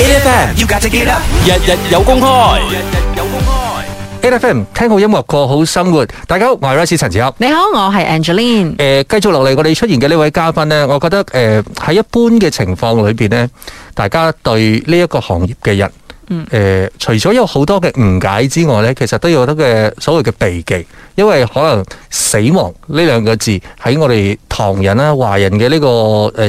A F M，you got to get up，日日有公開，日日有公開。A F M，聽好音樂過好生活。大家好，我係 Rice 陳子豪。你好，我係 Angeline。誒，繼續落嚟，我哋出現嘅呢位嘉賓咧，我覺得誒喺一般嘅情況裏邊咧，大家對呢一個行業嘅人。嗯，呃、除咗有好多嘅誤解之外呢，其實都有好多嘅所謂嘅避忌，因為可能死亡呢兩個字喺我哋唐人啊華人嘅呢個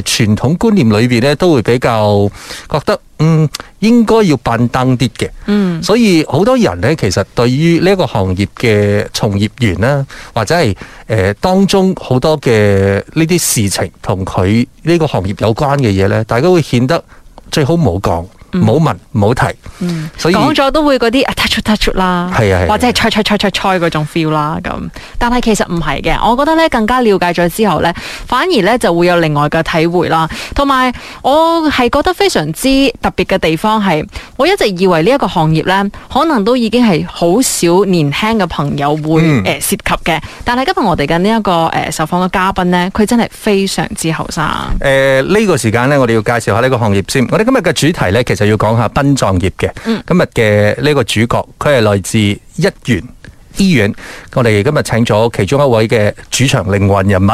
誒傳統觀念裏面呢，都會比較覺得嗯應該要扮登啲嘅。嗯，所以好多人呢，其實對於呢個行業嘅從業員啦、啊，或者係當、呃、當中好多嘅呢啲事情同佢呢個行業有關嘅嘢呢，大家都會顯得最好唔好講。冇、嗯、問冇提、嗯，所以講咗都會嗰啲 touch touch 啦，或者係菜菜菜菜菜嗰種 feel 啦咁。但係其實唔係嘅，我覺得咧更加了解咗之後咧，反而咧就會有另外嘅體會啦。同埋我係覺得非常之特別嘅地方係，我一直以為呢一個行業咧，可能都已經係好少年輕嘅朋友會誒、嗯、涉及嘅。但係今日我哋嘅呢一個誒受訪嘅嘉賓咧，佢真係非常之後生。誒、呃、呢、呢個時間咧，我哋要介紹下呢個行業先。我哋今日嘅主題咧，其實就要講下殯葬業嘅，今日嘅呢個主角，佢係來自一圓醫院。我哋今日請咗其中一位嘅主場靈魂人物，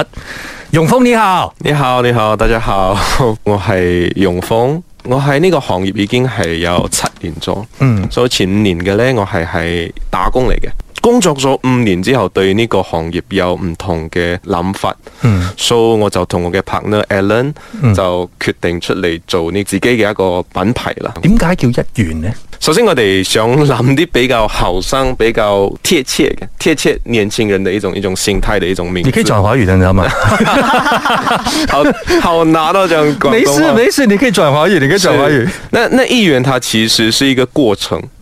勇豐，你好。你好，你好，大家好，我係勇豐，我喺呢個行業已經係有七年咗，嗯，所以前五年嘅呢，我係係打工嚟嘅。工作咗五年之後，對呢個行業有唔同嘅諗法，嗯，所以我就同我嘅 partner Alan 就決定出嚟做你自己嘅一個品牌啦。點解叫一圓呢？首先我哋想諗啲比較後生、比較貼切嘅貼切年輕人嘅一種一種心態嘅一種名。你可以轉華語嘅，你知道嗎？好好拿到獎，沒事沒事，你可以轉華語，你可以轉華語。那那一圓，它其實是一個過程。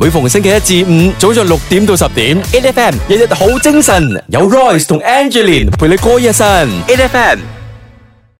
每逢星期一至五，早上六點到十點，A F M 日日好精神，有 Royce 同 Angeline 陪你過一生，A F M。